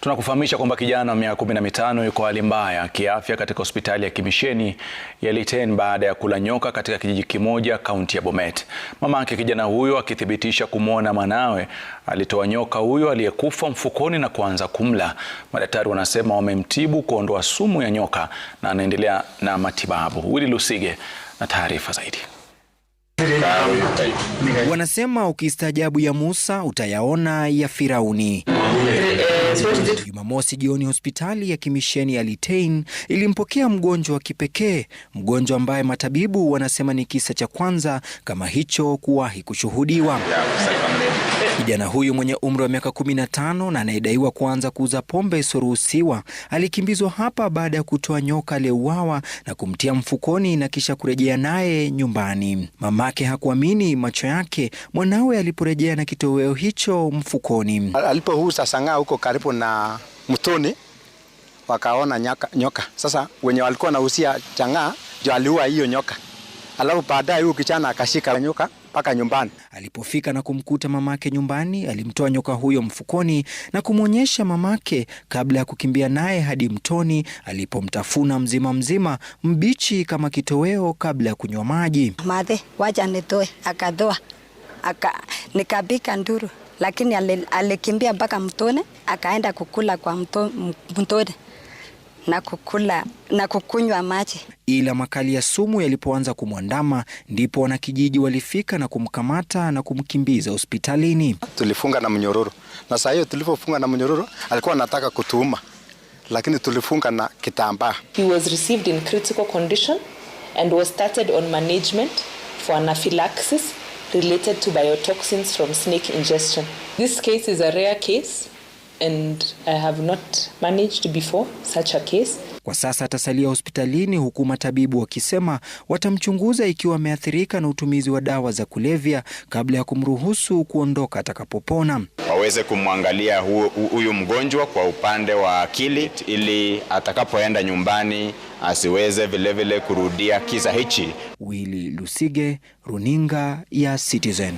Tunakufahamisha kwamba kijana wa miaka kumi na mitano yuko hali mbaya kiafya katika hospitali ya Kimisheni ya Liten baada ya kula nyoka katika kijiji kimoja kaunti ya Bomet. Mamake kijana huyo akithibitisha kumwona mwanawe alitoa nyoka huyo aliyekufa mfukoni na kuanza kumla. Madaktari wanasema wamemtibu kuondoa sumu ya nyoka na anaendelea na matibabu. Willy Lusige na taarifa zaidi. Wanasema ukistaajabu ya Musa utayaona ya Firauni. Jumamosi jioni hospitali ya kimisheni ya Litein ilimpokea mgonjwa wa kipekee, mgonjwa ambaye matabibu wanasema ni kisa cha kwanza kama hicho kuwahi kushuhudiwa. Kijana huyu mwenye umri wa miaka 15 na anayedaiwa kuanza kuuza pombe isiyoruhusiwa alikimbizwa hapa baada ya kutoa nyoka aliyeuawa na kumtia mfukoni na kisha kurejea naye nyumbani. Mamake hakuamini macho yake mwanawe aliporejea na kitoweo hicho mfukoni. Alipohusa sang'aa huko karibu na mtoni, wakaona nyoka. Sasa wenye walikuwa wanahusia chang'aa ndio aliua hiyo nyoka alafu baadaye huyu kijana akashika nyoka mpaka nyumbani. Alipofika na kumkuta mamake nyumbani, alimtoa nyoka huyo mfukoni na kumwonyesha mamake kabla ya kukimbia naye hadi mtoni alipomtafuna mzima mzima mbichi kama kitoweo kabla ya kunywa maji. Madhe waja nitoe. Akatoa aka, nikabika nduru, lakini alikimbia mpaka mtoni akaenda kukula kwa mtoni na kukula na kukunywa maji. Ila makali ya sumu yalipoanza kumwandama, ndipo wanakijiji walifika na kumkamata na kumkimbiza hospitalini. Tulifunga na mnyororo, na saa hiyo tulipofunga na mnyororo alikuwa anataka kutuuma, lakini tulifunga na kitambaa. He was received in critical condition and was started on management for anaphylaxis related to biotoxins from snake ingestion. This case is a rare case and I have not managed before such a case. Kwa sasa atasalia hospitalini huku matabibu wakisema watamchunguza ikiwa ameathirika na utumizi wa dawa za kulevya kabla ya kumruhusu kuondoka atakapopona. Waweze kumwangalia huyu mgonjwa kwa upande wa akili ili atakapoenda nyumbani asiweze vilevile vile kurudia kisa hichi. Willy Lusige, Runinga ya Citizen.